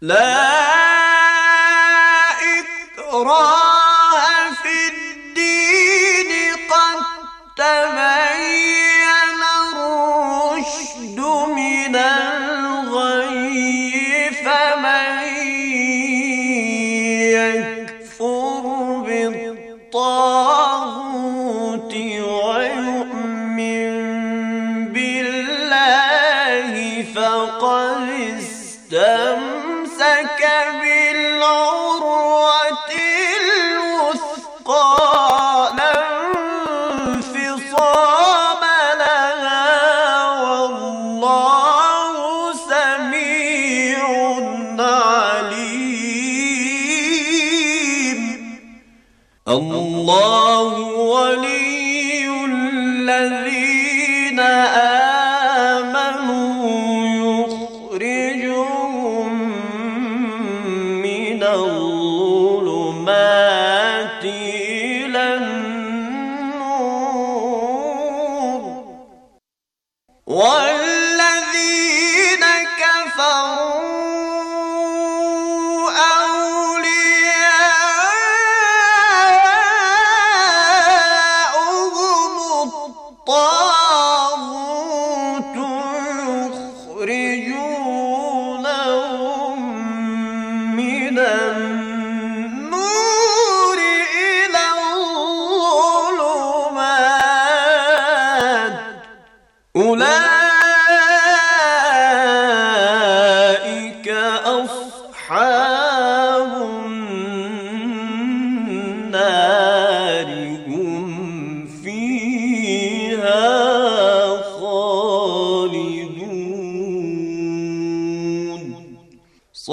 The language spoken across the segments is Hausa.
لا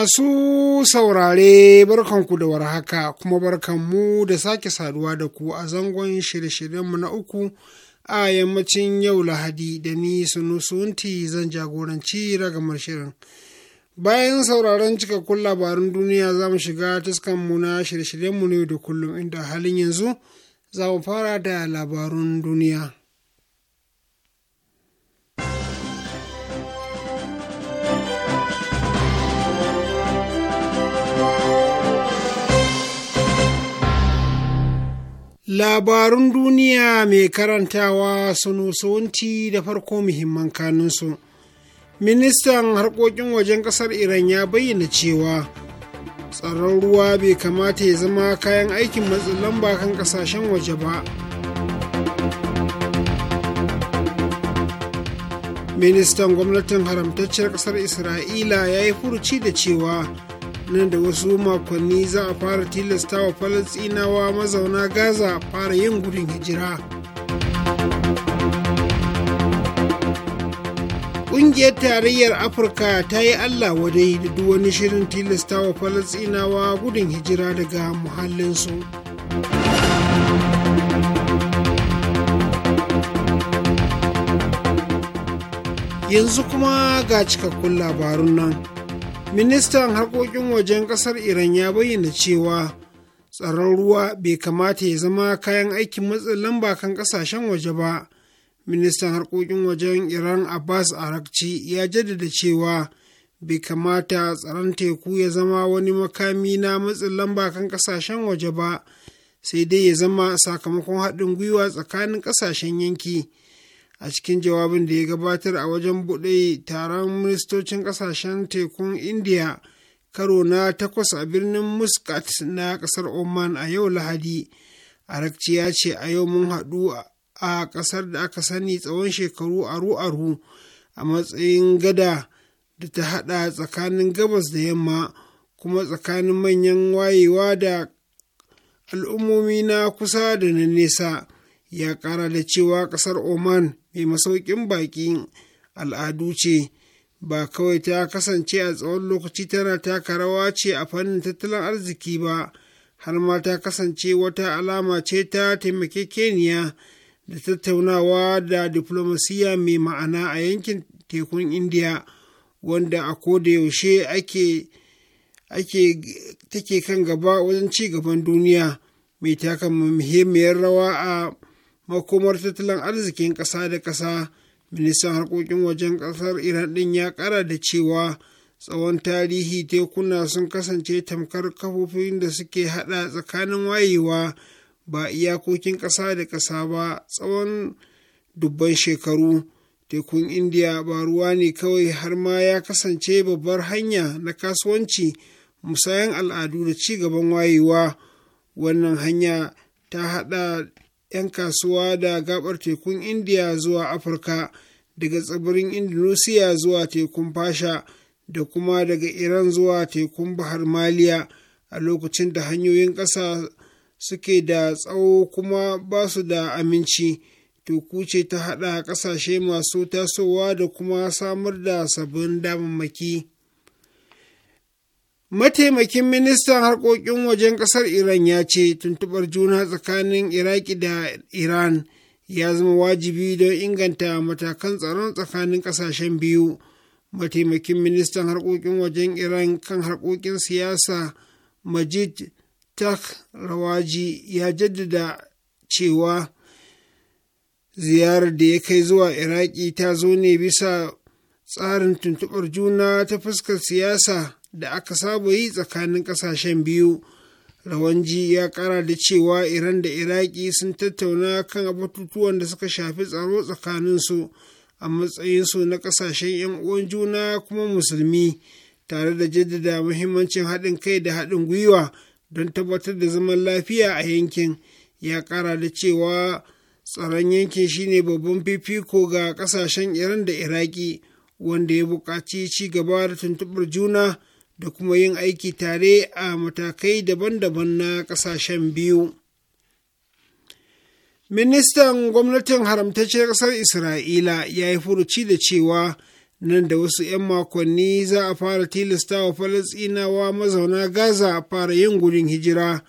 Masu saurare barkanku da warhaka kuma barkanmu da sake saduwa da ku a zangon shirye-shiryenmu na uku a yammacin yau Lahadi da ni sunusunti zan jagoranci ragamar shirin. Bayan sauraron cikakkun labarun duniya za mu shiga taskanmu na shirye-shiryenmu ne da kullum inda halin yanzu za mu fara da labarun duniya. Labarun duniya mai karantawa sunu sunti da farko muhimman kanunsu. Ministan harkokin wajen ƙasar Iran ya bayyana cewa tsaron ruwa bai kamata ya zama kayan aikin matsin lamba kan ƙasashen waje ba. Ministan gwamnatin haramtacciyar ƙasar Isra'ila ya yi furuci da cewa nan da wasu makonni za a fara tilasta tilastawa falastinawa mazauna gaza fara yin gudun hijira Ƙungiyar Tarayyar Afirka ta yi Allah wadai da duk wani shirin tilasta tilastawa falastinawa gudun hijira daga muhallinsu. Yanzu kuma ga cikakkun labarun nan. ministan harkokin wajen kasar iran ya bayyana cewa tsaron ruwa bai kamata ya zama kayan aikin matsin lamba kan kasashen waje ba ministan harkokin wajen iran abbas arakci ya jaddada cewa bai kamata tsaron teku ya zama wani makami na matsin lamba kan kasashen waje ba sai dai ya zama sakamakon haɗin gwiwa tsakanin kasashen yanki a cikin jawabin da ya gabatar a wajen buɗe taron ministocin ƙasashen tekun indiya karo na takwas a birnin muscat na ƙasar oman a yau lahadi arakci ya ce a yau mun haɗu a ƙasar da aka sani tsawon shekaru aru-aru a matsayin gada da ta haɗa tsakanin gabas da yamma kuma tsakanin manyan wayewa da al'ummomi na kusa da na nesa ya ƙara da cewa ƙasar oman mai masaukin baƙin al'adu ce ba kawai ta kasance a tsawon lokaci tana taka rawa ce a fannin tattalin arziki ba har ma ta kasance wata alama ce ta keniya da tattaunawa da diflomasiya mai ma'ana a yankin tekun indiya wanda a kodayaushe ake ake take kan gaba wajen ci gaban duniya mai taka muhimmiyar rawa a makomar tattalin arzikin ƙasa da ƙasa ministan harkokin wajen ƙasar iran ɗin ya ƙara da cewa tsawon tarihi tekuna sun kasance tamkar kafofin da suke hada tsakanin wayewa ba iyakokin ƙasa da ƙasa ba tsawon dubban shekaru tekun indiya ba ruwa ne kawai har ma ya kasance babbar hanya na kasuwanci musayan al'adu da ci gaban wayewa wannan hanya ta hada. 'yan kasuwa da gabar tekun indiya zuwa afirka daga tsibirin indonesia zuwa tekun fasha da kuma daga iran zuwa tekun bahar maliya a lokacin da hanyoyin ƙasa suke da tsawo kuma ba su da aminci teku ce ta haɗa ƙasashe masu tasowa da kuma samar da sabbin damammaki. mataimakin ministan harkokin wajen kasar iran ya ce tuntubar juna tsakanin iraki da iran ya zama wajibi don inganta matakan tsaron tsakanin ƙasashen biyu mataimakin ministan harkokin wajen iran kan harkokin siyasa majid tak rawaji ya jaddada cewa ziyarar da ya kai zuwa iraki ta zo ne bisa tsarin tuntubar juna ta fuskar siyasa da aka saba yi tsakanin kasashen biyu rawanji ya kara da cewa iran da iraki sun tattauna kan batutuwan da suka shafi tsaro tsakanin su a matsayinsu na kasashen 'yan uwan juna kuma musulmi tare da jaddada muhimmancin haɗin kai da haɗin gwiwa don tabbatar da zaman lafiya a yankin ya kara da cewa tsaron yankin shine babban fifiko ga kasashen iran da iraki wanda ya buƙaci ci gaba da tuntuɓar juna da kuma yin aiki tare a matakai daban-daban na ƙasashen biyu. Ministan gwamnatin haramtacciyar ƙasar Isra'ila ya yi furuci da cewa nan da wasu ‘yan makonni za a fara tilasta wa Falasɗinawa mazauna Gaza a fara yin gudun hijira.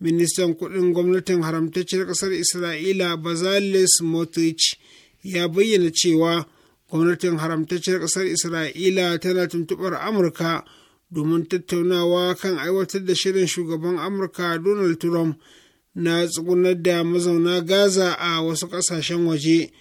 Ministan kuɗin gwamnatin haramtacciyar ƙasar Isra'ila Bazalis Motrich ya bayyana cewa gwamnatin haramtacciyar ƙasar Isra'ila tana tuntuɓar Amurka. domin tattaunawa kan aiwatar da shirin shugaban amurka donald trump na tsugunar da mazauna gaza a wasu kasashen waje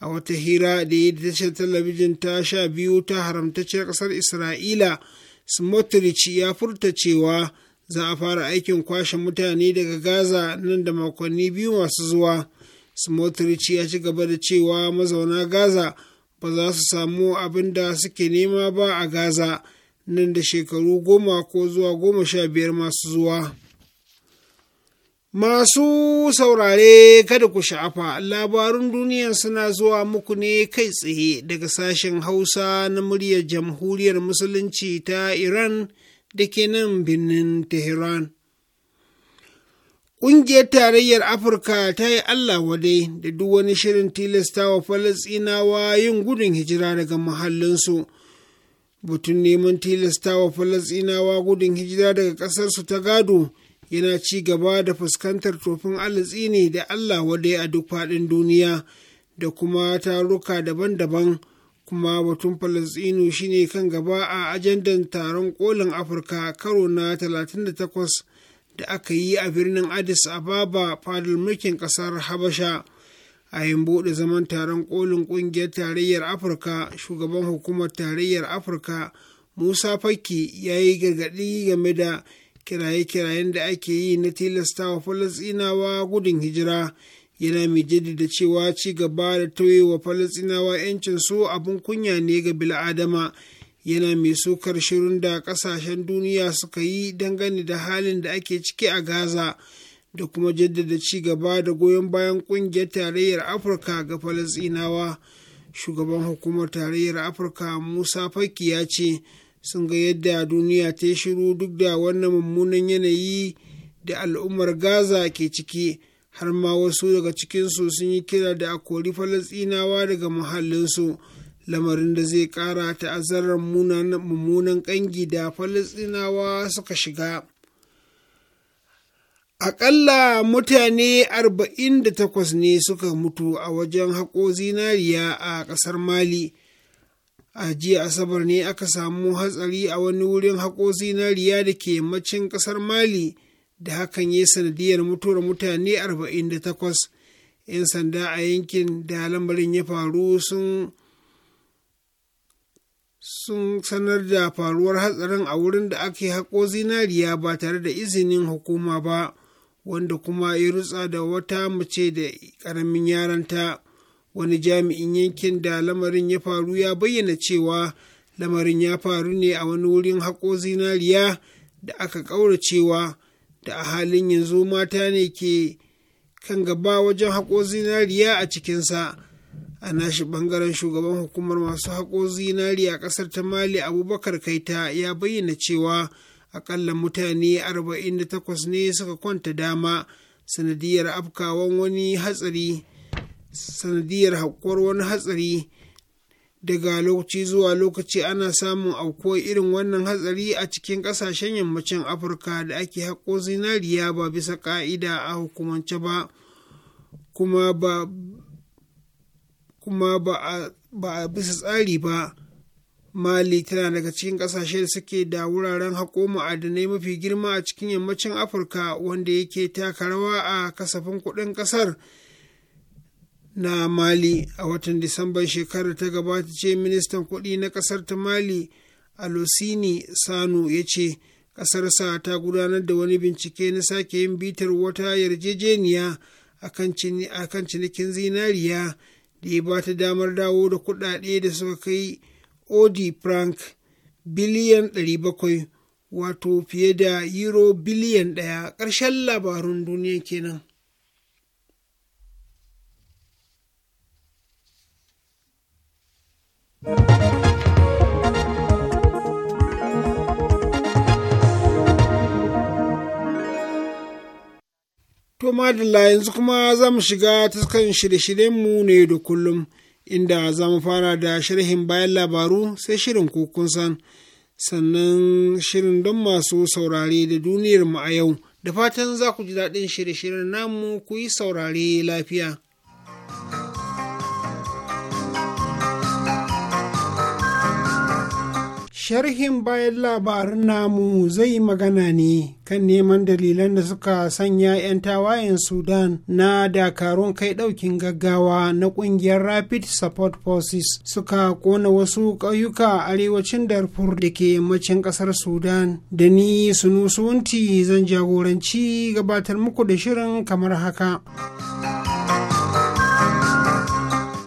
a wata hira da yi tashar talabijin ta sha biyu ta haramtacciyar kasar isra'ila smotrich ya furta cewa za a fara aikin kwashe mutane daga gaza nan da makonni biyu masu zuwa smotrich ya ci gaba da cewa mazauna gaza ba za su samu abin da suke nema ba a gaza nan da shekaru goma ko zuwa goma sha biyar masu zuwa. Masu saurare kada ku sha'afa labarun duniya suna zuwa muku ne kai tsaye daga sashen Hausa na muryar Jamhuriyar Musulunci ta Iran da ke nan birnin Tehran. Ƙungiyar Tarayyar Afirka ta yi Allah wadai da duk wani shirin tilasta tilastawa Falasɗinawa yin gudun hijira daga muhallinsu. su. batun neman tilastawa falasinawa gudun hijira daga ƙasarsu ta gado yana ci gaba da fuskantar tofin alatsini da allah wadai a duk faɗin duniya da kuma taruka daban-daban kuma batun falasinu shine kan gaba a ajandan taron kolin afirka karo na 38 da aka yi a birnin addis ababa fadar mulkin ƙasar habasha a yin buɗe zaman taron kolin ƙungiyar tarayyar afirka shugaban hukumar tarayyar afirka musa fakki ya yi gargaɗi game da kiraye-kirayen da ake yi na wa falasinawa gudun hijira yana mai jaddada cewa ci gaba da tauye wa falasinawa 'yancin su abin kunya ne ga bil'adama yana mai sukar shirin da kasashen duniya suka yi dangane da halin da ake ciki a gaza. da kuma jaddada ci gaba da goyon bayan ƙungiyar tarayyar afirka ga falasinawa shugaban hukumar tarayyar afirka musa faki ya ce sun ga yadda duniya ta yi shiru duk da wannan mummunan yanayi da al'ummar gaza ke ciki har ma wasu daga cikinsu sun yi kira da a kori falasinawa daga muhallinsu lamarin da zai ƙara ta'azzarar mummunan ƙangi da falasinawa suka shiga Aƙalla mutane arba'in da takwas ne suka mutu a wajen haƙo zinariya a ƙasar Mali. A jiya Asabar ne aka samu hatsari a wani wurin haƙo zinariya da ke yammacin ƙasar Mali da hakan ya sanadiyar mutuwar mutane arba'in da takwas. ‘Yan sanda a yankin da lambarin ya faru sun sun sanar da faruwar hatsarin a wurin da ake haƙo zinariya ba tare da izinin hukuma ba. wanda kuma ya rutsa da wata mace da ƙaramin yaranta wani jami'in yankin da lamarin ya faru ya bayyana cewa lamarin ya faru ne a wani wurin haƙo zinariya da aka ƙaura cewa da a halin yanzu mata ne ke kan gaba wajen haƙo zinariya a cikinsa a nashi ɓangaren shugaban hukumar masu haƙo zinariya a ƙasar ta mali abubakar kaita ya bayyana cewa akalla mutane 48 ne suka kwanta dama sanadiyar afkawan wani hatsari sanadiyar haƙuwar wani hatsari daga lokaci zuwa lokaci ana samun aukuwar irin wannan hatsari a cikin ƙasashen yammacin afirka da ake haƙo zinariya ba bisa ƙa'ida a hukumance ba kuma ba kuma ba a bisa tsari ba mali tana daga cikin kasashe da suke da wuraren haƙo ma'adanai mafi girma a cikin yammacin afirka wanda yake taka rawa a kasafin kuɗin ƙasar na mali a watan disambar shekarar ta gabata ce ministan kuɗi na ƙasar ta mali alosini sanu ya ce ƙasarsa ta gudanar da wani bincike na sake yin bitar wata yarjejeniya a kan cinikin zinariya da ya ba ta damar dawo da kuɗaɗe da suka kai odi frank biliyan 700 wato fiye da euro biliyan ɗaya ƙarshen labarun duniya kenan. To madalla yanzu kuma za mu shiga taskan shirye-shiryenmu ne da kullum. inda za mu fara da sharhin bayan labaru sai shirin kun san sannan shirin don masu saurare da duniyar mu a yau da fatan za ku ji daɗin shirye-shiryen namu ku yi saurare lafiya. Sharhin bayan labarin namu zai magana ne kan neman dalilan da suka sanya 'yan tawayen Sudan na dakarun kai ɗaukin gaggawa na ƙungiyar Rapid Support Forces suka kona wasu ƙauyuka arewacin Darfur da ke yammacin ƙasar Sudan. Da ni sunusunti zan jagoranci gabatar muku da shirin kamar haka.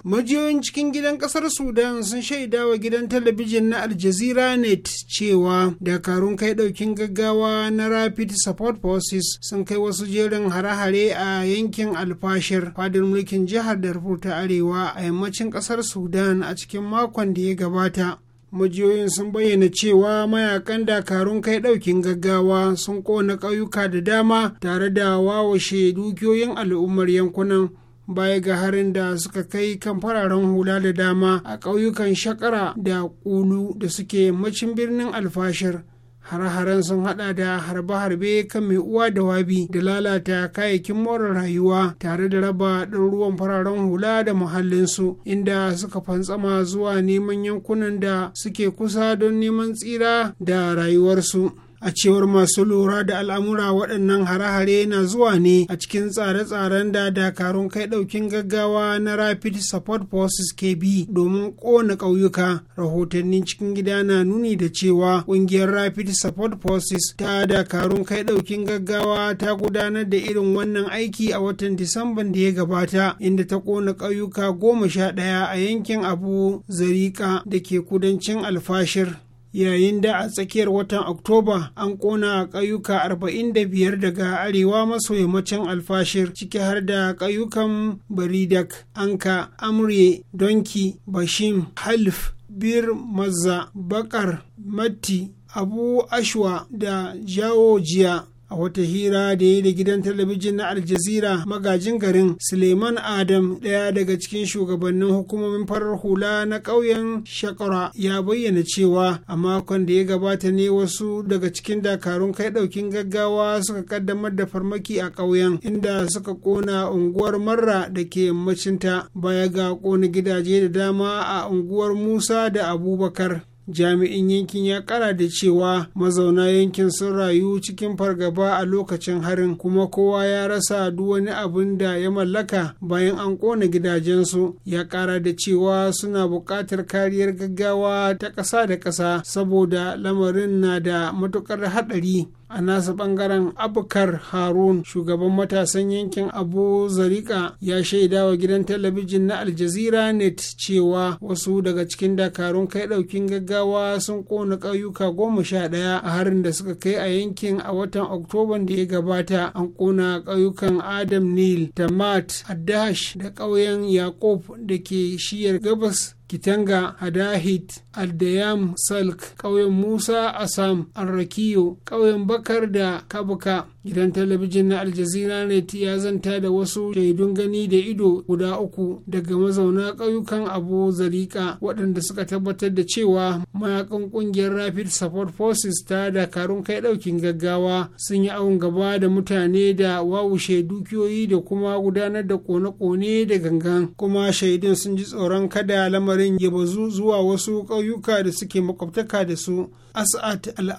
majiyoyin cikin gidan kasar sudan sun shaida wa gidan talabijin na aljazeera net cewa dakarun kai daukin gaggawa na rapid support forces sun kai wasu jerin hare-hare a yankin alfashir fadin mulkin jihar darfur ta arewa a yammacin kasar sudan a cikin makon da ya gabata majiyoyin sun bayyana cewa mayakan dakarun kai daukin gaggawa sun kona ƙauyuka da dama tare da wawashe dukiyoyin al'ummar yankunan baya ga harin da suka kai kan fararen hula da dama a ƙauyukan shakara da ƙulu da suke macin birnin alfashir hare-haren sun hada da harbe-harbe kan mai uwa da wabi da lalata kayayyakin more rayuwa tare da raba ruwan fararen hula da muhallinsu inda suka fantsama zuwa neman yankunan da suke kusa don neman tsira da rayuwarsu. a cewar masu lura da al'amura waɗannan hare-hare na zuwa ne a cikin tsare-tsaren da dakarun kai ɗaukin gaggawa na rapid support forces kb domin ƙona ƙauyuka rahotannin cikin gida na nuni da cewa ƙungiyar rapid support forces ta dakarun kai ɗaukin gaggawa ta gudanar da irin wannan aiki a watan disamban da ya gabata inda ta ƙona ƙauyuka goma sha ɗaya a yankin abu zarika da ke kudancin alfashir yayin da a tsakiyar watan oktoba an kona ƙauyuka 45 daga arewa maso yammacin alfashir ciki har da ƙauyukan baridak anka amre donki bashim halif bir maza bakar matti abu ashwa da jawo jiya a wata hira da ya da gidan talabijin na aljazira magajin garin suleiman adam ɗaya daga cikin shugabannin hukumomin farar hula na ƙauyen shakara ya bayyana cewa a makon da ya gabata ne wasu daga cikin dakarun kai ɗaukin gaggawa suka kaddamar da farmaki a ƙauyen inda suka ƙona unguwar marra da ke yammacinta baya ga ƙona gidaje da dama a unguwar musa da abubakar jami'in yankin ya kara da cewa mazauna yankin sun rayu cikin fargaba a lokacin harin kuma kowa ya rasa duk wani abin da ya mallaka bayan an kona gidajensu ya kara da cewa suna buƙatar kariyar gaggawa ta ƙasa da ƙasa saboda lamarin na da matuƙar haɗari a nasa bangaren abukar harun shugaban matasan yankin abu zarika ya shaida wa gidan talabijin na aljazira net cewa wasu daga cikin dakarun kai ɗaukin gaggawa sun ƙona ƙauyuka goma sha ɗaya a harin da suka kai a yankin a watan oktoban da ya gabata an ƙona ƙauyukan adam nil tamat adash da ƙauyen yakub da ke shiyar gabas Kitanga Hadahit Aldayam Salk ƙauyen Musa Asam Arrakiyo ƙauyen Bakar da Kabuka gidan talabijin na aljazira ne ya zanta da wasu shaidun gani da ido guda uku daga mazauna ƙauyukan abu zariƙa waɗanda suka tabbatar da cewa mayakan ƙungiyar rapid support forces ta dakarun kai ɗaukin gaggawa sun yi awon gaba da mutane da wawushe dukiyoyi da kuma gudanar da kone-kone da gangan kuma shaidun sun ji tsoron kada lamarin ya bazu zuwa wasu ƙauyuka da suke makwabtaka da su asat al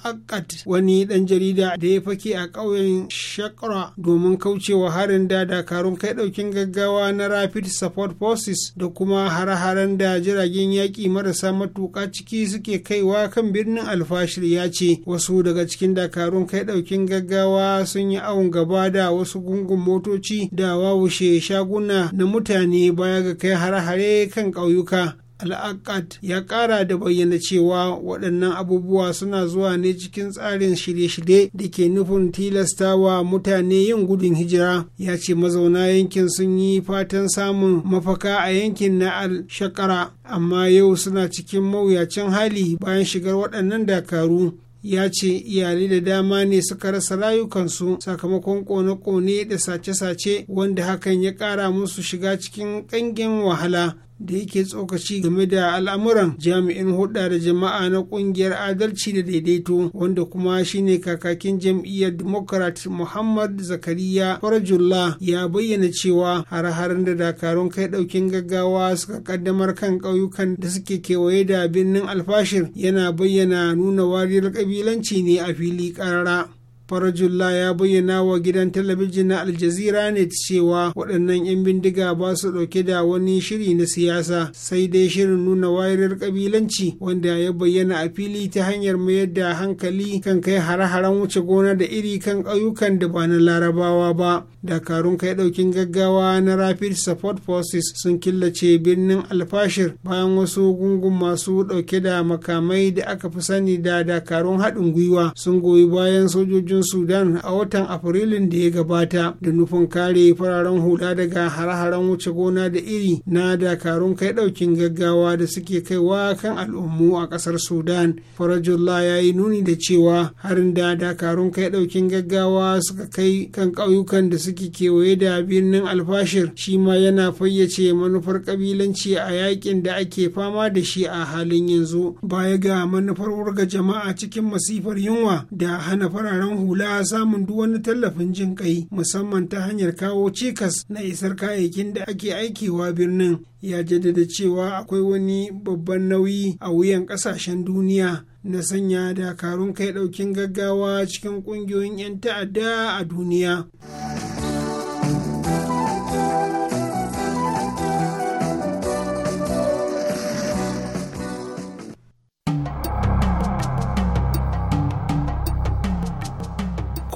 wani ɗan jarida da ya fake a ƙauyen shakra domin kaucewa harin da dakarun kai ɗaukin gaggawa na rapid support forces da kuma hare-haren da jiragen yaƙi marasa matuƙa ciki suke kaiwa kan birnin alfashir ya ce wasu daga cikin dakarun kai ɗaukin gaggawa sun yi awon gaba da wasu gungun motoci da wawushe shaguna na mutane baya ga kai hare-hare kan ƙauyuka al'akad ya kara da bayyana cewa waɗannan abubuwa suna zuwa ne cikin tsarin shirye-shirye da ke nufin tilasta wa mutane yin gudun hijira ya ce mazauna yankin sun yi fatan samun mafaka a yankin na al-shakara amma yau suna cikin mawuyacin hali bayan shigar waɗannan dakaru ya ce iyali da dama ne suka rasa rayukansu sakamakon kone-kone da sace-sace wanda hakan ya kara musu shiga cikin kangen wahala da yake tsokaci game da al'amuran jami'in hulɗa da jama'a na ƙungiyar adalci da daidaito wanda kuma shine kakakin jam'iyyar democrat muhammad zakariya farajullah ya bayyana cewa har-harin da dakarun kai ɗaukin gaggawa suka kaddamar kan ƙauyukan da suke kewaye da birnin alfashir yana bayyana nuna wariyar ƙabilanci ne a fili ƙarara farajullah ya bayyana wa gidan talabijin na aljazira ne cewa waɗannan 'yan bindiga ba su ɗauke da wani shiri na siyasa sai dai shirin nuna wayar ƙabilanci wanda ya bayyana a fili ta hanyar mayar da hankali kan kai hare-haren wuce gona da iri kan ƙauyukan da ba na larabawa ba dakarun kai ɗaukin gaggawa na rapid support forces sun killace birnin alfashir bayan wasu gungun masu ɗauke da makamai da aka fi sani da dakarun haɗin gwiwa sun goyi bayan sojojin kudancin sudan a watan afrilun da ya gabata da nufin kare fararen hula daga hare-haren wuce gona da iri na dakarun kai daukin gaggawa da suke kaiwa kan al'ummu a kasar sudan farajullah ya yi nuni da cewa harin da dakarun kai daukin gaggawa suka kai kan ƙauyukan da suke kewaye da birnin alfashir shi ma yana fayyace manufar kabilanci a yakin da ake fama da shi a halin yanzu baya ga manufar wurga jama'a cikin masifar yunwa da hana fararen hula samun duk wani tallafin jin kai musamman ta hanyar kawo cikas na isar kayayyakin da ake aikewa birnin ya jaddada cewa akwai wani babban nauyi a wuyan kasashen duniya na sanya dakarun kai daukin gaggawa cikin kungiyoyin 'yan ta'adda a duniya.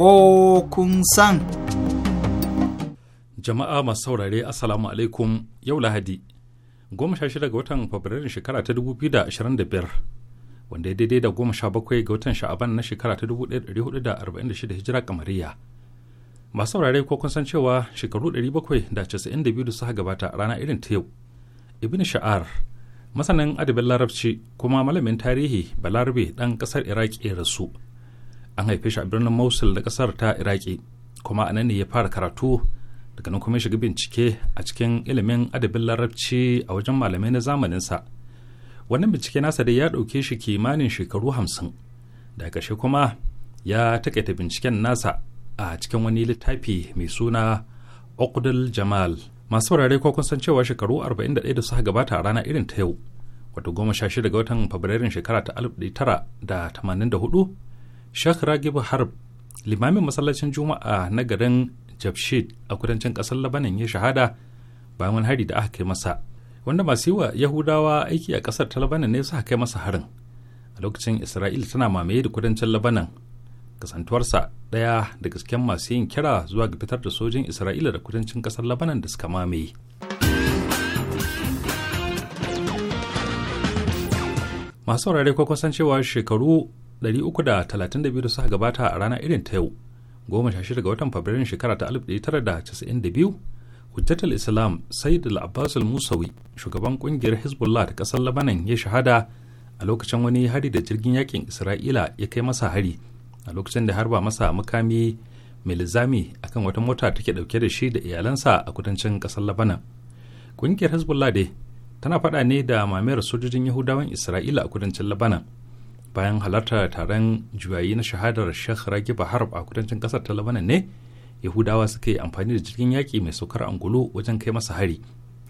ko kun san. Jama'a masu saurare Assalamu alaikum yau Lahadi, goma sha shida ga watan Fabrairun shekara ta dubu biyu da ashirin da biyar, wanda ya daidai da goma sha bakwai ga watan Sha'aban na shekara ta dubu ɗaya da hudu da arba'in da shida hijira kamariya. Masu saurare ko kun san cewa shekaru ɗari bakwai da casa'in da biyu da suka gabata rana irin ta yau. Ibn Sha'ar, masanin adabin larabci kuma malamin tarihi balarabe ɗan ƙasar Iraki ya rasu. an haife shi a birnin mosul da kasar ta iraki kuma a nan ne ya fara karatu daga nan kuma shiga bincike a cikin ilimin adabin larabci a wajen malamai na zamaninsa wannan bincike nasa dai ya ɗauke shi kimanin shekaru hamsin da ƙarshe kuma ya takaita binciken nasa a cikin wani littafi mai suna okudul jamal masu wurare ko kun san cewa shekaru 41 da suka gabata a rana irin ta yau wato goma sha shida ga watan fabrairun shekara ta 1984 Sheikh Ragib Harb limamin masallacin Juma'a na garin Jabshid a kudancin ƙasar Labanan ya shahada bayan wani hari da aka kai masa wanda masu yi wa Yahudawa aiki a ƙasar ta Labanan ne suka kai masa harin a lokacin Isra'ila tana mamaye da kudancin Labanan kasantuwarsa ɗaya daga cikin masu yin kira zuwa ga fitar da sojin Isra'ila da kudancin ƙasar Labanan da suka mamaye. masu saurare kwa kusan cewa shekaru 332 da suka gabata a rana irin ta yau goma sha shida ga watan fabrairun shekara ta 1992 hujjatar islam said al-abbas musawi shugaban kungiyar hezbollah ta kasar labanan ya shahada a lokacin wani hari da jirgin yakin isra'ila ya kai masa hari a lokacin da harba masa makami mai lizami akan wata mota take dauke da shi da iyalansa a kudancin kasar labanan kungiyar hezbollah dai tana faɗa ne da mamayar sojojin yahudawan isra'ila a kudancin labanan bayan halartar taron juyayi na shahadar Sheikh Ragib Harb a kudancin kasar ta Lebanon ne Yahudawa suka yi amfani da jirgin yaƙi mai saukar angulu wajen kai masa hari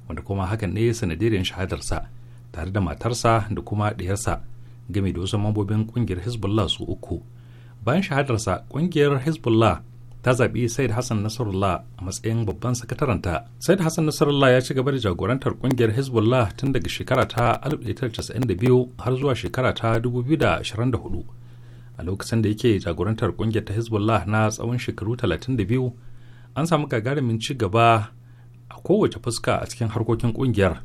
wanda kuma hakan ne sanadiyar shahadarsa tare da matarsa da kuma ɗiyarsa game da wasu mambobin ƙungiyar Hezbollah su uku bayan shahadarsa ƙungiyar Hezbollah ta zaɓi Said Hassan Nasrullah a matsayin babban sakataranta. Said Hassan Nasrullah ya ci gaba da jagorantar ƙungiyar Hezbollah tun daga shekara ta 1992 har zuwa shekara ta 2024. A lokacin da yake jagorantar ƙungiyar ta Hezbollah na tsawon shekaru 32, an samu gagarumin ci gaba a kowace fuska a cikin harkokin ƙungiyar,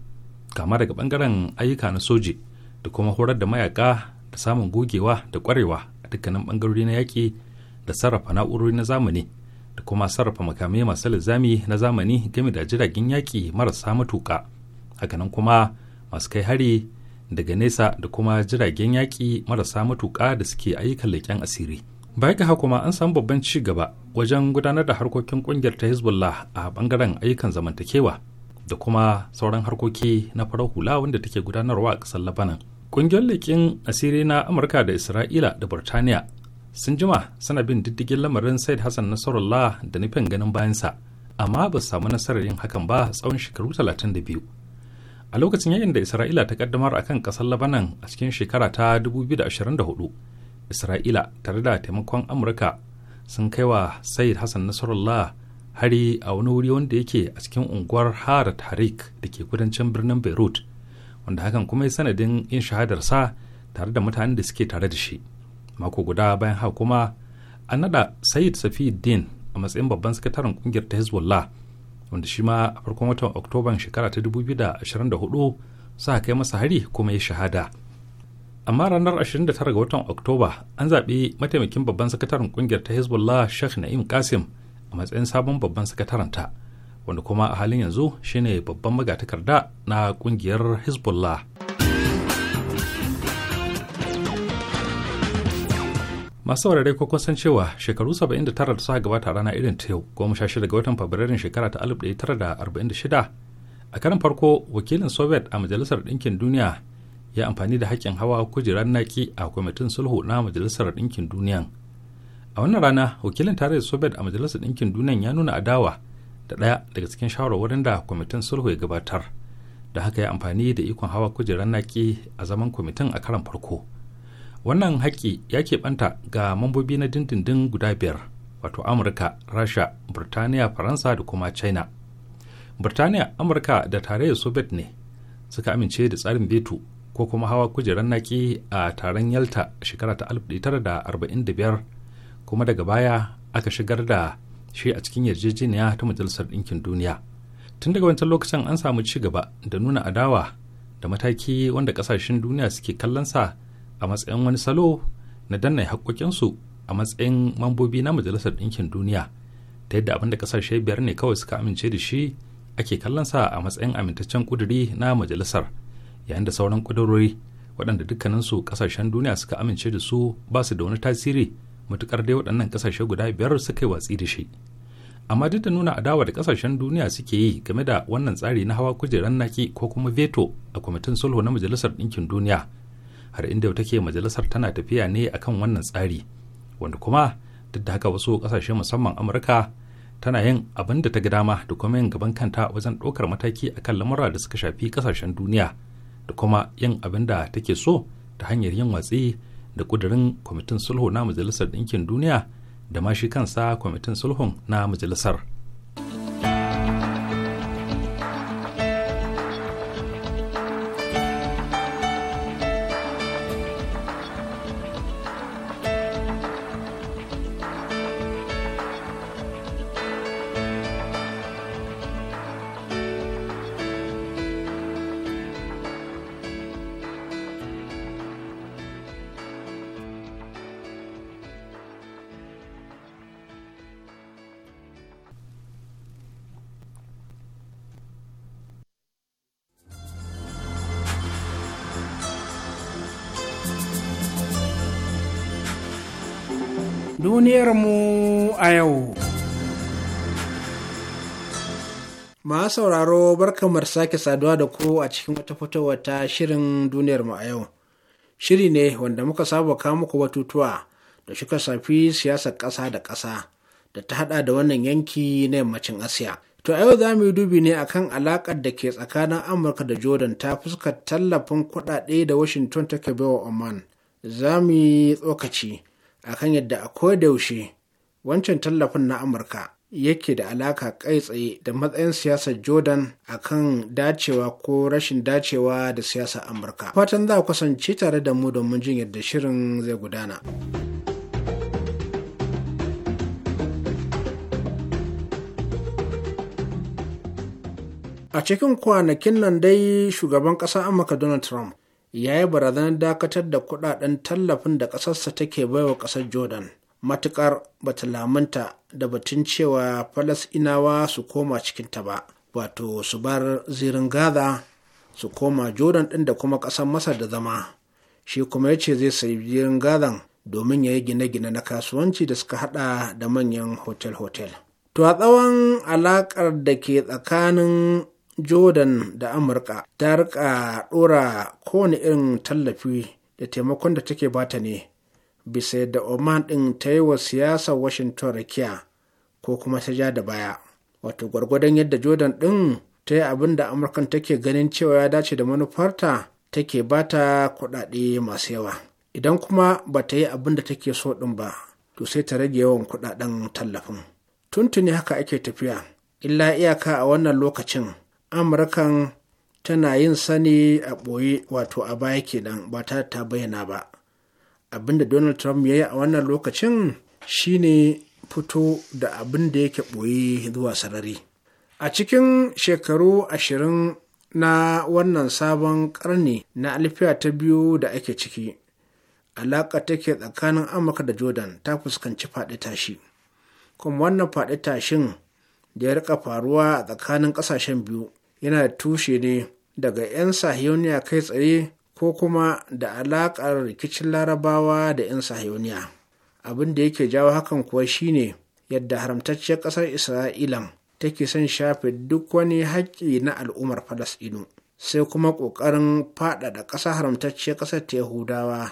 kama daga ɓangaren ayyuka na soji da kuma horar da mayaka da samun gogewa da ƙwarewa a dukkanin ɓangarori na yaƙi da sarrafa na'urori na zamani da kuma sarrafa makamai masu linzami na zamani game da jiragen yaƙi marasa matuƙa hakanan kuma masu kai hari daga nesa da kuma jiragen yaƙi marasa matuƙa da suke ayyukan leƙen asiri baya ga haka kuma an san babban ci gaba wajen gudanar da harkokin ƙungiyar ta hezbollah a bangaren ayyukan zamantakewa da kuma sauran harkoki na farar hula wanda take gudanarwa a ƙasar labanan ƙungiyar leƙen asiri na amurka da isra'ila da burtaniya sun jima suna bin diddigin lamarin said hassan nasarullah da nufin ganin bayansa amma ba su samu nasarar yin hakan ba tsawon shekaru 32 a lokacin yayin da isra'ila ta kaddamar a kan kasar labanan a cikin shekara ta 2024 isra'ila tare da taimakon amurka sun kai wa said hassan nasarullah hari a wani wuri wanda yake a cikin unguwar hara tarik da ke kudancin birnin beirut wanda hakan kuma ya sanadin yin shahadarsa tare da mutanen da suke tare da shi mako guda bayan haka kuma an nada sayid safiuddin a matsayin babban sakataren kungiyar ta hezbollah wanda shi ma a farkon watan oktoban shekara ta 2024 sa kai masa hari kuma ya shahada amma ranar 29 ga watan oktoba an zaɓi mataimakin babban sakataren kungiyar ta hezbollah sheikh na'im kasim a matsayin sabon babban sakataren ta wanda kuma a halin yanzu shine babban magatakarda na kungiyar hezbollah masu saurare ko kun cewa shekaru 79 da suka gabata rana irin ta yau goma sha shida ga watan fabrairun shekara ta 1946 a karin farko wakilin soviet a majalisar ɗinkin duniya ya amfani da haƙƙin hawa kujerar naki a kwamitin sulhu na majalisar ɗinkin duniya a wannan rana wakilin tarayyar soviet a majalisar ɗinkin duniya ya nuna adawa da ɗaya daga cikin shawarwarin da kwamitin sulhu ya gabatar da haka ya amfani da ikon hawa kujerar naki a zaman kwamitin a karan farko wannan haƙƙi ya keɓanta ga mambobi na dindindin guda biyar wato amurka rasha burtaniya faransa da kuma china burtaniya amurka da tarayyar soviet ne suka amince da tsarin betu ko kuma hawa kujerar naki a taron yalta shekara ta 1945 kuma daga baya aka shigar da shi a cikin yarjejeniya ta majalisar ɗinkin duniya tun daga wancan lokacin an samu ci gaba da nuna adawa da mataki wanda ƙasashen duniya suke kallon sa a matsayin wani salo na danna haƙƙoƙinsu a matsayin mambobi na majalisar ɗinkin duniya ta yadda abin da ƙasashe biyar ne kawai suka amince da shi ake kallon sa a matsayin amintaccen ƙuduri na majalisar yayin da sauran ƙudurori waɗanda dukkaninsu ƙasashen duniya suka amince da su ba su da wani tasiri matuƙar dai waɗannan ƙasashe guda biyar suka yi watsi da shi amma duk da nuna adawa da ƙasashen duniya suke yi game da wannan tsari na hawa kujerar naki ko kuma veto a kwamitin sulhu na majalisar ɗinkin duniya har inda take majalisar tana tafiya ne akan wannan tsari wanda kuma duk da haka wasu kasashe musamman amurka tana yin abin da ta ga dama da kuma yin gaban kanta wajen ɗaukar mataki akan lamura da suka shafi kasashen duniya da kuma yin abin da take so ta hanyar yin watsi da kudirin kwamitin sulhu na majalisar ɗinkin duniya da ma shi kansa kwamitin sulhun na majalisar. a yau. Ma sauraro barkamar sake saduwa da ku a cikin wata fitowa ta shirin duniyar mu a yau. Shiri ne wanda muka saba ka muku batutuwa da shuka safi siyasar ƙasa da ƙasa da ta haɗa da wannan yanki na yammacin Asiya. To a yau za mu yi dubi ne akan alakar da ke tsakanin Amurka da Jordan ta fuskar tallafin kuɗaɗe da Washington take baiwa Oman. Za mu yi tsokaci akan yadda da yaushe wancan tallafin na amurka yake da alaka kai tsaye da matsayin siyasar jordan a kan dacewa ko rashin dacewa da siyasar amurka fatan za kusanci tare da mu domin jin yadda shirin zai gudana a cikin kwanakin nan dai shugaban ƙasar amurka donald trump ya yi barazanar dakatar da kudaden tallafin da ƙasarsa take baiwa ƙasar jordan matukar bata lamunta da batun cewa falasinawa su koma cikinta ba wato su bar zirin gaza su koma jordan ɗin da kuma ƙasar masar da zama shi kuma ya ce zai sayi zirin gazan domin ya yi gine-gine na kasuwanci da suka hada da manyan hotel-hotel to a tsawon alaƙar da ke tsakanin jordan da amurka ta rika ɗora kowane irin tallafi da taimakon da take bata ne bisa yadda oman ɗin ta yi wa siyasar washington rakiya ko kuma ta ja da baya wato gwargwadon yadda jordan ɗin ta yi abin da amurkan take ganin cewa ya dace da manufarta take ba ta kuɗaɗe masu yawa idan kuma ba ta yi abin da take so ɗin ba to sai ta rage yawan kuɗaɗen tallafin tuntuni haka ake tafiya illa iyaka a wannan lokacin amurkan tana yin sani a ɓoye wato a baya kenan ba ta ta bayyana ba Abin da donald trump ya yi a wannan lokacin shine fito da abin da yake ɓoye zuwa sarari a cikin shekaru ashirin na wannan sabon ƙarni na alfiya ta biyu da ake ciki alaƙa take tsakanin amurka da jordan ta fuskanci faɗi tashi kuma wannan faɗi tashin da ya rika faruwa a tsakanin ƙasashen biyu yana da tushe ne daga 'yan sahiyoniya kai tsaye ko kuma da alaƙar rikicin larabawa da 'yan sahiyoniya abin da yake jawo hakan kuwa shine yadda haramtacciyar ƙasar isra'ilan take son shafe duk wani haƙƙi na al'ummar falasɗinu sai kuma ƙoƙarin faɗaɗa ƙasa haramtacciyar ƙasar ta yahudawa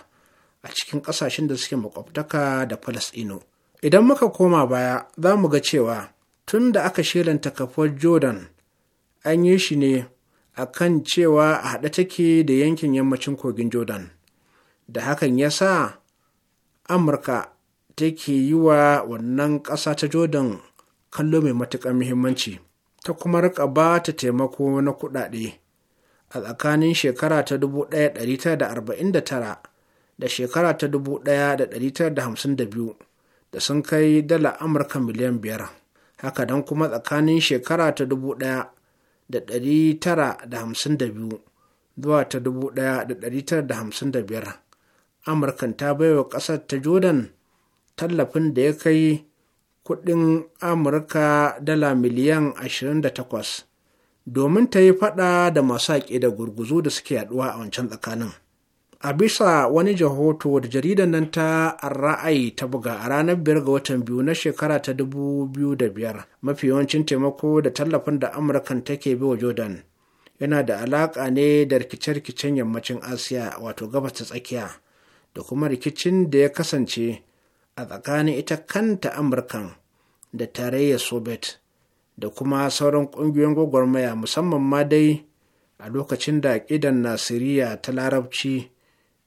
a cikin ƙasashen da suke makwabtaka da falasɗinu idan muka koma baya za mu ga cewa tun da aka shelanta kafuwar jordan an yi shi ne a kan cewa a haɗe take da yankin yammacin kogin jordan da hakan ya sa amurka take yi wa wannan ƙasa ta jordan kallo mai matuƙar muhimmanci ta kuma rika ba ta taimako na kuɗaɗe a tsakanin shekara ta 1949 da shekara ta 1952 da sun kai dala amurka miliyan biyar haka don kuma tsakanin shekara ta 1000 da ɗari tara da hamsin da biyu zuwa ta dubu ɗaya da ɗari tara da hamsin da biyar amurkan ta baiwa ƙasar ta jordan tallafin da ya kai kuɗin amurka dala miliyan 28 domin ta yi faɗa da masu haƙe da gurguzu da suke yaɗuwa a wancan tsakanin a bisa wani jahoto da jaridan nan ta ra'ayi ta buga a ranar biyar ga watan biyu na shekara ta dubu biyu da biyar mafi yawancin taimako da tallafin da amurkan take bi wa jordan yana da alaƙa ne da rikice-rikicen yammacin asiya wato gabas ta tsakiya da kuma rikicin da ya kasance a tsakanin ita kanta amurkan da tarayyar soviet da kuma sauran ƙungiyoyin gwagwarmaya musamman ma dai a lokacin da ƙidan nasiriya ta larabci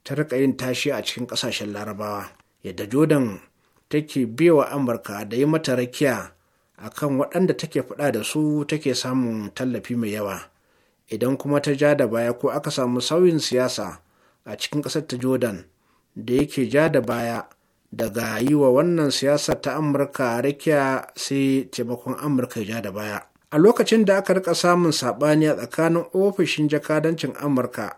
ta rika yin tashi a cikin ƙasashen larabawa yadda jordan take biyawa amurka da yi mata rakiya a kan waɗanda take faɗa da su take samun tallafi mai yawa idan kuma ta ja da baya ko aka samu sauyin siyasa a cikin ƙasar ta jordan da yake ja da baya daga yi wa wannan siyasa ta amurka rakiya sai taimakon amurka ya ja da baya a lokacin da aka rika samun saɓani a tsakanin ofishin jakadancin amurka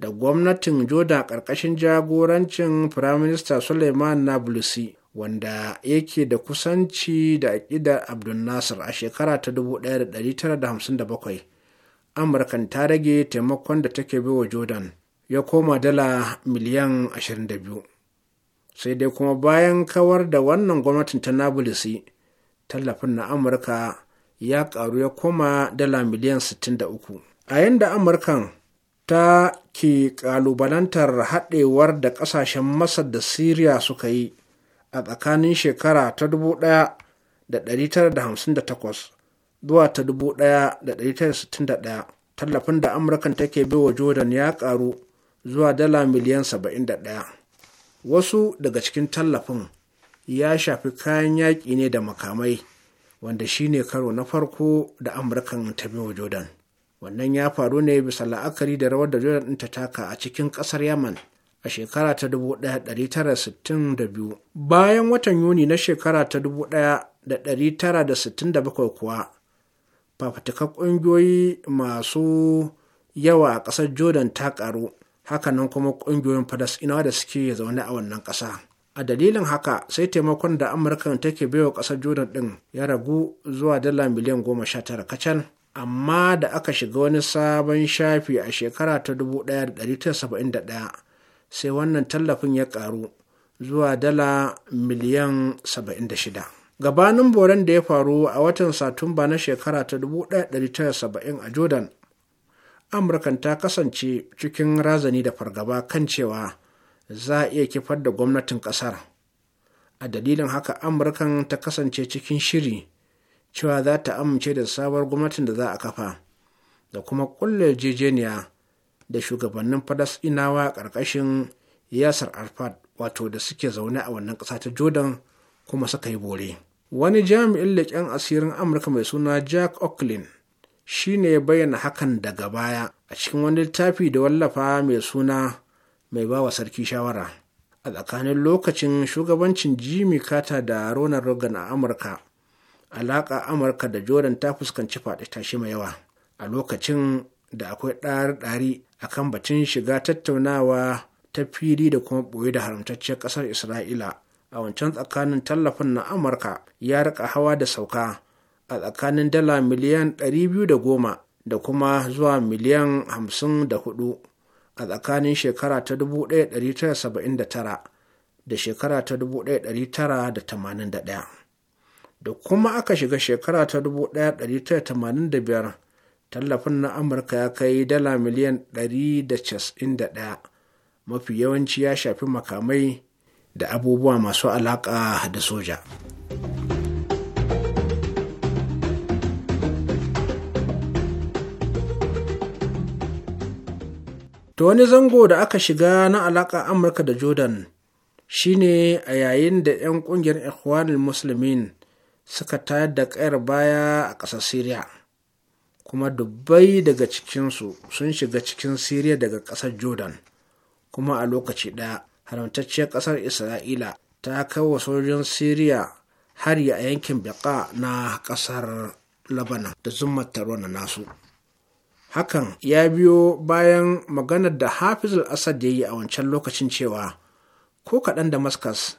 da gwamnatin jordan ƙarƙashin jagorancin firaminista suleiman nablusi wanda yake da kusanci da aƙidar abdul nasir a shekara ta 1957 amurkan ta rage taimakon da take wa jordan ya koma dala miliyan 22 sai dai kuma bayan kawar da wannan gwamnatin ta nablusi tallafin na amurka ya ƙaru ya koma dala miliyan 63 a yadda amurkan ta ke ƙalubalantar haɗewar da ƙasashen masar da siriya suka yi a tsakanin shekara ta 1958 zuwa ta 1961 tallafin da amurkan take wa jordan ya ƙaru zuwa dala miliyan 71 wasu daga cikin tallafin ya shafi kayan yaƙi ne da makamai wanda shine karo na farko da amurkan ta wa jordan wannan ya faru ne bisa la'akari da rawar da jordan ta taka a cikin ƙasar yaman a shekara ta 1962 bayan watan yuni na shekara ta 1967 kuwa fafatukar ƙungiyoyi masu yawa a ƙasar jordan ta ƙaru hakanan kuma ƙungiyoyin inawa da suke zaune a wannan ƙasa a dalilin haka sai taimakon da amurka take baiwa ƙasar jordan ɗin ya ragu zuwa dala miliyan goma sha tara kacal amma da aka shiga wani sabon shafi a shekara ta 1971 sai wannan tallafin ya ƙaru zuwa dala miliyan 76 gabanin boren da ya faru a watan satumba na shekara ta 1970 a jordan amurkan ta kasance cikin razani da fargaba kan cewa za a iya kifar da gwamnatin kasar a dalilin haka amurkan ta kasance cikin shiri cewa za ta amince da sabuwar gwamnatin da za a kafa da kuma kulle jejeniya da shugabannin falasɗinawa ƙarƙashin yasar arfad wato da suke zaune a wannan ƙasa ta jordan kuma suka yi bore wani jami'in leƙen asirin amurka mai suna jack oaklin shi ne ya bayyana hakan daga baya a cikin wani littafi da wallafa mai suna mai bawa sarki shawara a tsakanin lokacin shugabancin jimmy carter da ronald reagan a amurka alaƙa amurka da jordan ta fuskanci faɗi tashi mai yawa a lokacin da akwai ɗari-ɗari a kan batun shiga tattaunawa ta fili da kuma ɓoye da haramtacciyar ƙasar isra'ila a wancan tsakanin tallafin na amurka ya rika hawa da sauka a tsakanin dala miliyan ɗari biyu da goma da kuma zuwa miliyan hamsin da hudu, a tsakanin shekara ta dubu ɗaya ɗari tara saba'in da tara da shekara ta dubu ɗaya ɗari tara da da tamanin ɗaya. da kuma aka shiga shekara ta 1985 tallafin na amurka ya kai dala miliyan 191 mafi yawanci ya shafi makamai da abubuwa masu alaƙa da soja To wani zango da aka shiga na alaƙa Amurka da Jordan shine a yayin da 'yan ƙungiyar Ikhwanul musulmin. suka tayar da ƙayar baya a ƙasar Siriya. Kuma dubbai daga cikinsu sun shiga cikin Siriya daga ƙasar Jordan. Kuma a lokaci ɗaya, haramtacciyar ƙasar Isra'ila ta kai wa sojojin Siriya hari a yankin Beqa na ƙasar Labanan da zummar na nasu. Hakan ya biyo bayan maganar da Hafiz al-Assad ya yi a wancan lokacin cewa ko kaɗan Damascus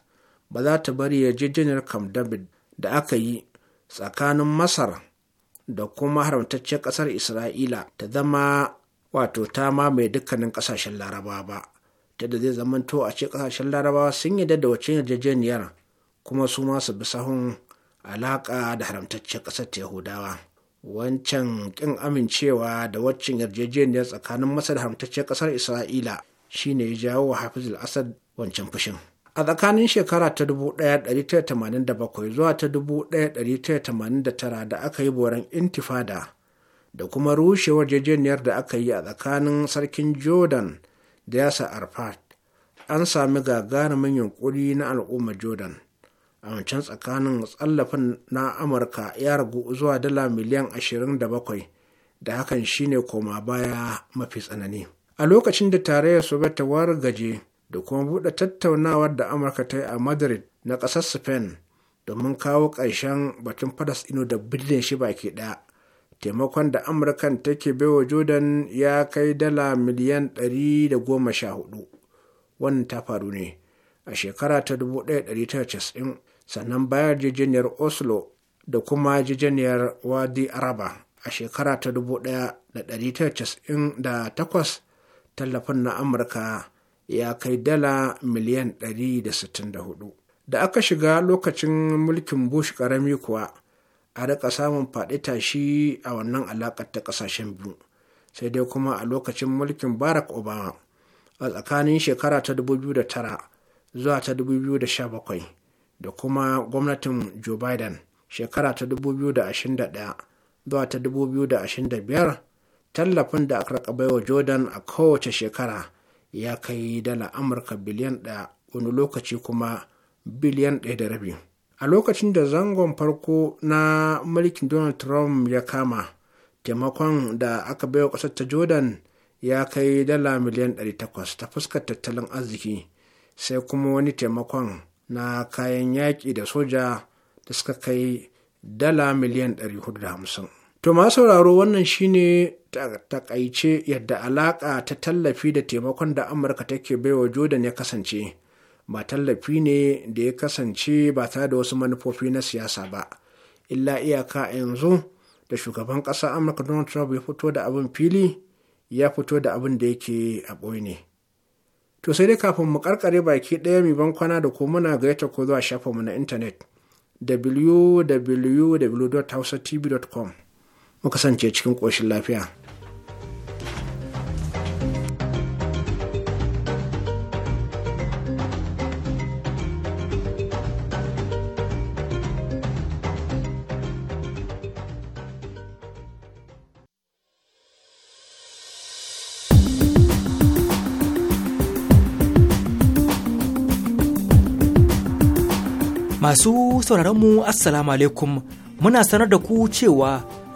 ba za ta bari yarjejeniyar Camp David da aka yi tsakanin masar da kuma haramtaccen ƙasar isra'ila ta zama wato ta ma mamaye dukkanin ƙasashen larabawa ba ta da zai zamanto a ce ƙasashen larabawa sun yi da wacce yarjejeniyar kuma su ma su bi sahun alaƙa da haramtaccen ƙasar yahudawa wancan ƙin amincewa da waccan yarjejeniyar tsakanin masar da haramtaccen ƙasar isra'ila shine ya jawo wa hafizul asad wancan fushin a tsakanin shekara ta 1987 zuwa ta 1989 da aka yi boran intifada da kuma rushewar jejeniyar da aka yi a tsakanin sarkin jordan da yasa arfat an sami gagarumin yunkuri na al'umma jordan a wancan tsakanin tsallafin na amurka ya ragu zuwa dala miliyan 27 da hakan shine koma baya mafi tsanani a lokacin da tarayyar soviet ta wargaje da kuma buɗe tattaunawar da amurka ta yi a madrid na ƙasar spain domin kawo ƙarshen batun ino da biliyan shi baki ɗaya taimakon da amurkan take baiwa jordan ya kai dala miliyan 114 wannan ta faru ne a shekara ta 1990 sannan bayan jijiniyar oslo da kuma jijiniyar wadi araba a shekara ta 1998 tallafin na amurka ya kai dala miliyan 164 da aka shiga lokacin mulkin bush karami kuwa a rika samun faɗi tashi a wannan alaƙar ta ƙasashen biyu sai dai kuma a lokacin mulkin barack obama a tsakanin shekara ta 2009 zuwa ta 2017 da kuma gwamnatin joe biden shekara ta 2021 zuwa ta 2025 tallafin da aka raka baiwa jordan a kowace shekara ya kai dala amurka biliyan ɗaya wani lokaci kuma biliyan ɗaya da rabi a lokacin da zangon farko na mulkin donald trump ya kama taimakon da aka baiwa ƙasar ta jordan ya kai dala miliyan 800 ta fuskar tattalin arziki sai kuma wani taimakon na kayan yaƙi da soja da suka kai dala miliyan 450 To ma sauraro wannan shine takaice yadda alaƙa ta tallafi da taimakon da Amurka take baiwa Jordan ya kasance. Ba tallafi ne da ya kasance ba ta da wasu manufofi na siyasa ba. Illa iyaka yanzu da shugaban ƙasa Amurka Donald Trump ya fito da abin fili ya fito da abin da yake a ne. To sai dai kafin mu karkare baki ɗaya mai bankwana da ko muna gayyata ko zuwa shafinmu na intanet www.hausatv.com mu kasance cikin ƙoshin lafiya. Masu sauraronmu Assalamu alaikum muna sanar da ku cewa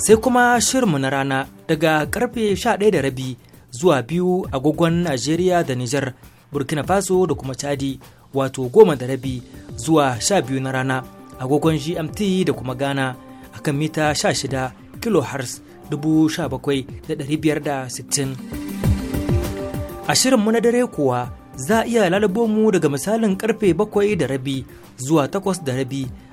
sai kuma shirinmu na rana daga karfe 11 rabi zuwa biyu agogon Najeriya da Nijar Burkina Faso da kuma Chadi wato goma da rabi zuwa sha biyu na rana agogon GMT da kuma Ghana a kan mita 16 kilohertz sittin a shirinmu na dare kuwa za a iya lalabo mu daga misalin karfe bakwai da rabi zuwa takwas da rabi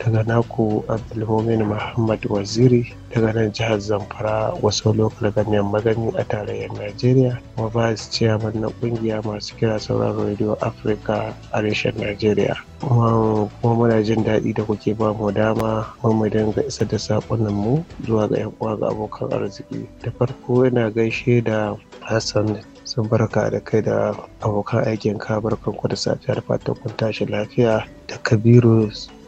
daga naku abdulhomin muhammad waziri daga nan jihar zamfara wasu lokal ganyen magani a tarayyar najeriya kuma vice chairman na kungiya masu kira sauran radio africa a reshen najeriya kuma muna jin daɗi da kuke ba mu dama mun mu dinga isar da saƙonan mu zuwa ga yan uwa ga abokan arziki da farko ina gaishe da hassan sun barka da kai da abokan aikin ka barkan da safiyar fatan kun tashi lafiya da kabiru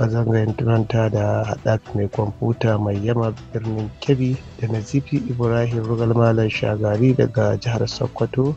ba zan da haɗak mai kwamfuta mai yama birnin kebbi da nazifi ibrahim rugal malam shagari daga jihar sokoto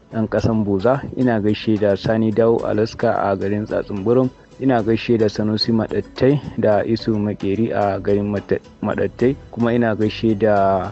ɗan ƙasan Boza ina gaishe da Sani Dawo Alaska a garin Tsatsunburum ina gaishe da Sanusi Madattai da Isu Makeri a garin Madattai kuma ina gaishe da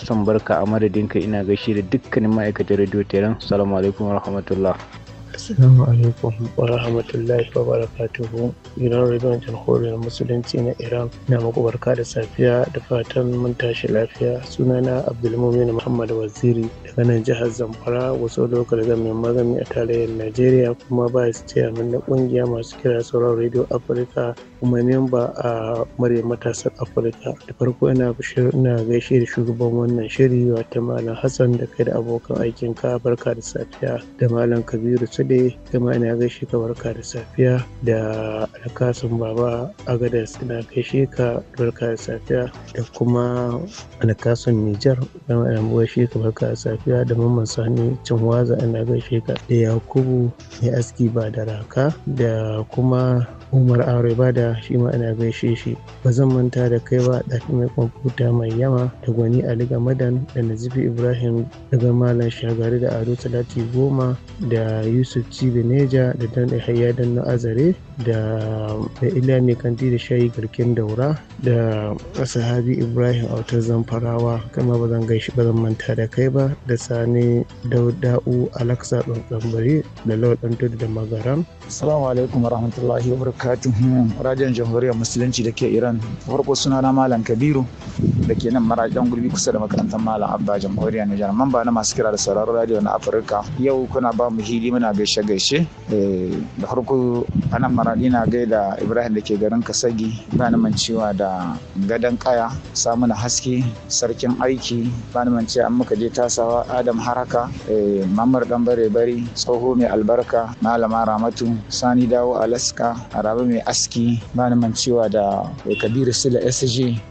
Hassan Barka a madadinka ina gaishe da dukkanin ma'aikatan Radio Tehran. Salamu alaikum wa rahmatullah. Assalamu alaikum wa rahmatullahi wa barakatuhu. Gidan rediyon jamhuriyar musulunci na Iran na muku barka da safiya da fatan mun tashi lafiya. Sunana Abdulmumin Muhammad Waziri daga nan jihar Zamfara wasu lokal gamin magani a tarayyar Najeriya kuma ba su ce na kungiya masu kira sauran rediyo Afirka kuma memba a murya matasan Afirka. Da farko ina ina gaishe da shugaban wannan shiri wata Malam Hassan da kai da abokan aikin ka barka da safiya da Malam Kabiru haɗe kai ina ina gaishe ka barka da safiya da alkasun baba agadas ina gaishe ka barka da safiya da kuma alkasun nijar kai ina ina shi ka barka da safiya da mamman sani cinwaza ina gaishe ka da yakubu mai aski ba da raka da kuma umar aure da shi ma ina gaishe shi ba zan manta da kai ba ɗafi mai kwamfuta mai yama da gwani ali gamadan da nazifi ibrahim daga malam shagari da ado talati goma da yusuf cibineja da dan da hayya dan na azare da mai iliya mai kanti da shayi garkin daura da sahabi ibrahim auta zamfarawa kama ba zan gaishe ba zan manta da kai ba da sani dauda'u alaksa tsambari da lauɗan tudu da magaram assalamu alaikum warahmatullahi wabarakatuh rajin jamhuriyar musulunci da ke iran farko suna na malam kabiru da ke nan marajan gurbi kusa da makarantar malam abba jamhuriyar nijar mamba na masu kira da sauraron radiyo na afirka yau kuna ba mu hili muna gaishe gaishe eh, da farko anan mara Nasara ina da Ibrahim da ke garin Kasagi bani mancewa da gadon kaya samuna haske sarkin aiki bani mance an muka je tasawa Adam Haraka eh, Mamar dan bare bari tsoho mai albarka malama Ramatu Sani Dawo Alaska Arabi mai aski bani mancewa da eh, Kabiru Sila SG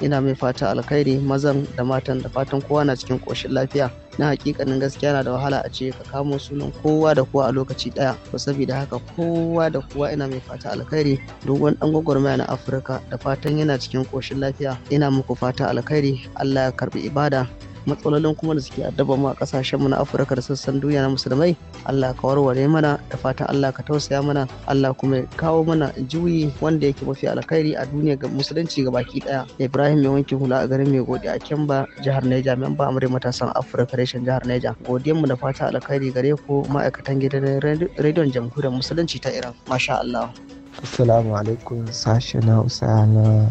ina mai fata alkhairi mazan da matan da fatan kowa na cikin koshin lafiya na hakikanin gaskiya na da wahala a ce ka kamo sunan kowa da kowa a lokaci daya to saboda haka kowa da kowa ina mai fata alkhairi duk wani dan gwagwarmaya na afirka da fatan yana cikin koshin lafiya ina muku fata alkhairi allah ya karbi ibada matsalolin kuma da suke addaba mu a kasashen mu na Afirka da sassan duniya na musulmai Allah ka warware mana da fatan Allah ka tausaya mana Allah kuma ya kawo mana juyi wanda yake mafi alkhairi a duniya ga musulunci ga baki daya Ibrahim mai wankin hula a garin mai godi a Kemba jihar Neja ba amure matasan Afirka reshen jihar Neja godiyan mu da fatan alkhairi gare ku ma'aikatan gidan rediyon jamhuriyar musulunci ta Iran masha Allah Assalamu alaikum sashen Hausa na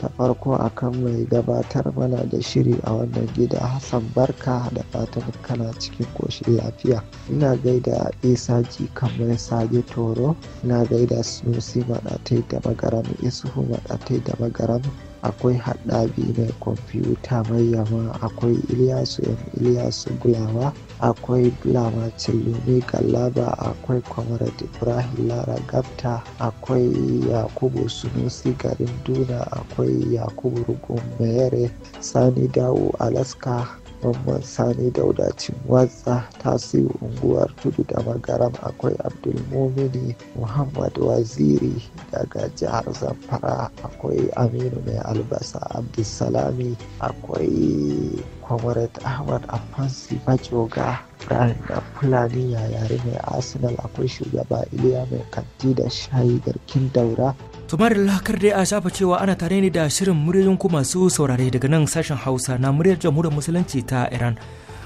ta farko akan mai gabatar mana da shiri a wannan gida hassan barka da fatan kana cikin koshin lafiya ina gaida isa ji kamar sage toro ina gaida sunusi maɗatai da magaram isuhu maɗatai da magaram akwai haɗabi mai kwamfuta mai yama akwai iliyasu yan iliyasu gulawa akwai lama lumi galaba akwai kwamarat ibrahim lara gabta akwai yakubu sunusi garin duna akwai yakubu rugun mayere sani dawo alaska Mamman Sani Dauda Cinwatsa tasiri unguwar tudu da magaram akwai Abdulmumini Muhammad Waziri daga jihar Zamfara akwai Aminu Mai Albasa Abdulsalami akwai comrade ahmad afansi bajoga ibrahim da fulani yayari mai arsenal akwai shugaba iliya mai kanti da shayi garkin daura tumar lakar dai a shafa cewa ana tare ne da shirin muryoyin ku masu saurare daga nan sashen hausa na muryar jamhuriyar musulunci ta iran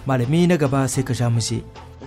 malami na gaba sai ka sha mushe.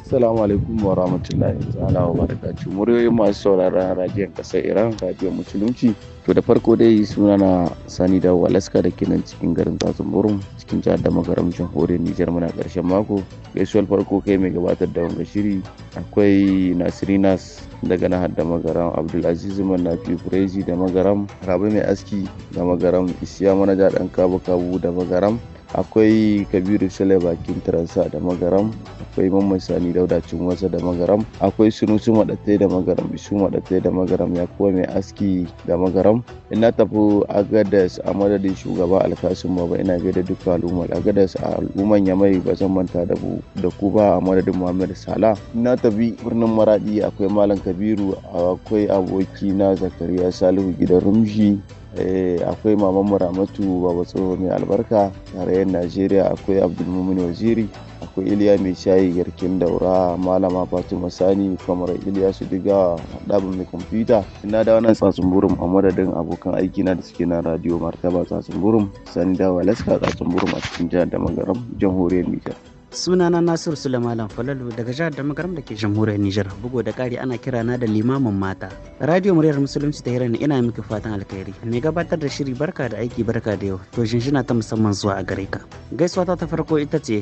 Assalamu alaikum wa rahmatullahi ta'ala wa barakatuh. Muryoyin masu sauraron rajiyar kasar Iran, radiyon musulunci. To da farko dai suna na Sani da Walaska da kenan cikin garin Tsatsun cikin jihar da magaram jamhuriyar Nijar muna karshen mako. Gaisuwar farko kai mai gabatar da wanga shiri akwai Nasirinas daga nahar da magaram Abdulaziz Manafi Kureji da magaram Rabi Mai Aski da magaram Isiya Manaja Dan Kabu Kabu da magaram akwai Kabiru Sule Bakin Taransa da magaram akwai mamman sani dauda wasa da magaram akwai sunusu maɗatai da magaram isu madatte da magaram ya kuwa mai aski da magaram ina tafi agadas a madadin shugaba alkasun baba ina gaida duka al'ummar agadas a al'umman yamai ba zan manta da ku ba a madadin muhammad sala ina tafi birnin maradi akwai malam kabiru akwai aboki na zakariya salihu gidan rumshi eh, akwai maman muramatu baba tsoho mai albarka tarayyar najeriya akwai abdulmumin waziri Ko iliya mai shayi garkin daura malama fatima sani kamar iliya su diga ɗabin mai kwamfuta ina da wannan tsatsun burum a madadin abokan aiki na da suke na radio martaba tsatsun burum sani laska tsatsun burum a cikin jihar da magaram jamhuriyar nijar sunana nasir sulaiman falalu daga jihar damagaram da ke jamhuriyar nijar bugu da ƙari ana kira na da limamin mata radio muryar musulunci ta hirar ina miki fatan alkhairi mai gabatar da shiri barka da aiki barka da yau to shinshina ta musamman zuwa a gare ka gaisuwa ta farko ita ce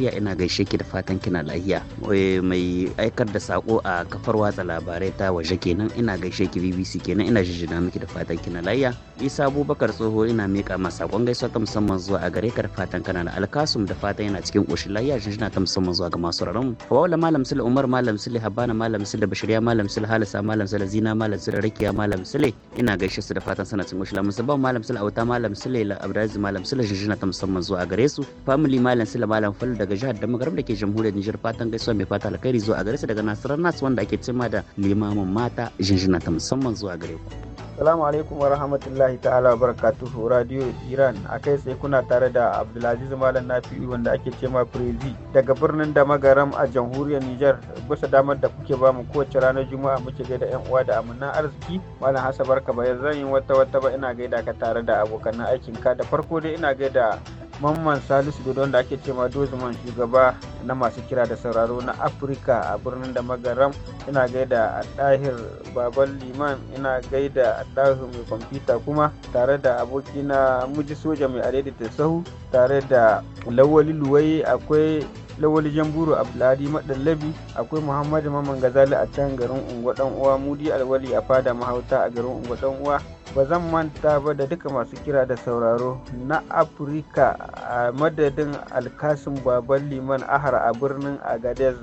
Najeriya ina gaishe ki da fatan kina lahiya. Eh, mai aikar da sako a kafar watsa labarai ta waje kenan ina gaishe ki BBC kenan ina jijjina miki da fatan kina lahiya. Isa Abubakar Tsoho ina miƙa ma sakon gaisuwa ta musamman zuwa a gare ka da fatan kana da alkasum da fatan yana cikin ƙoshin lahiya jijjina ta musamman zuwa ga masu raron. Hawala Malam Sule Umar Malam Sule Habana Malam Sule Bashiriya Malam Sule Halisa Malam Sule Zina Malam Sule Rakiya Malam Sule ina gaishe su da fatan sana cikin ƙoshin lahiya musamman Malam Sule Auta Malam Sule Abdulaziz Malam Sule jijjina ta musamman zuwa a gare su. Family Malam Sule Malam Fal daga daga jihar da magaram da ke jamhuriyar Nijar fatan gaisuwa mai fata alkhairi zuwa a gare su daga Nasarar Nas wanda ake cima da limamin mata jinjina ta musamman zuwa gare ku. Assalamu alaikum wa rahmatullahi ta'ala barakatuhu Radio Iran a kai sai kuna tare da Abdulaziz Malam Nafi'i wanda ake cema Prezi daga birnin da magaram a jamhuriyar Nijar bisa damar da kuke ba mu kowace ranar Juma'a muke gaida yan uwa da amina arziki Malam Hassan barka bayan zan yi wata wata ba ina gaida ka tare da abokan aikin ka da farko dai ina gaida Mamman Salisu Dodo da ake cema Dozman shugaba na masu kira da sauraro na Afirka a birnin da magaram ina gaida a ɗahir baban liman ina gaida a ɗahir mai kwamfuta kuma tare da abokina muji soja mai adaidaita sahu tare da lawali luwai akwai lawali jamburu abdulhadi madallabi akwai muhammadu maman gazali a can garin unguwa dan uwa mudi alwali a fada mahauta a garin unguwa dan uwa ba zan manta ba da duka masu kira da sauraro na afirka a madadin alkasin baban liman ahar a birnin agadez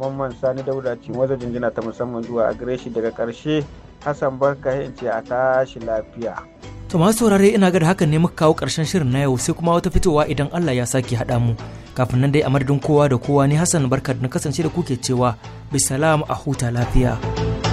mamman sani dauda ce wajen jinjina ta musamman zuwa a gare daga karshe hassan barka ce a tashi lafiya to masu saurare ina ga da hakan ne muka kawo karshen shirin na yau sai kuma wata fitowa idan allah ya sake haɗa mu kafin nan dai a madadin kowa da kowa ne hassan barka na kasance da kuke cewa bisalam a huta lafiya.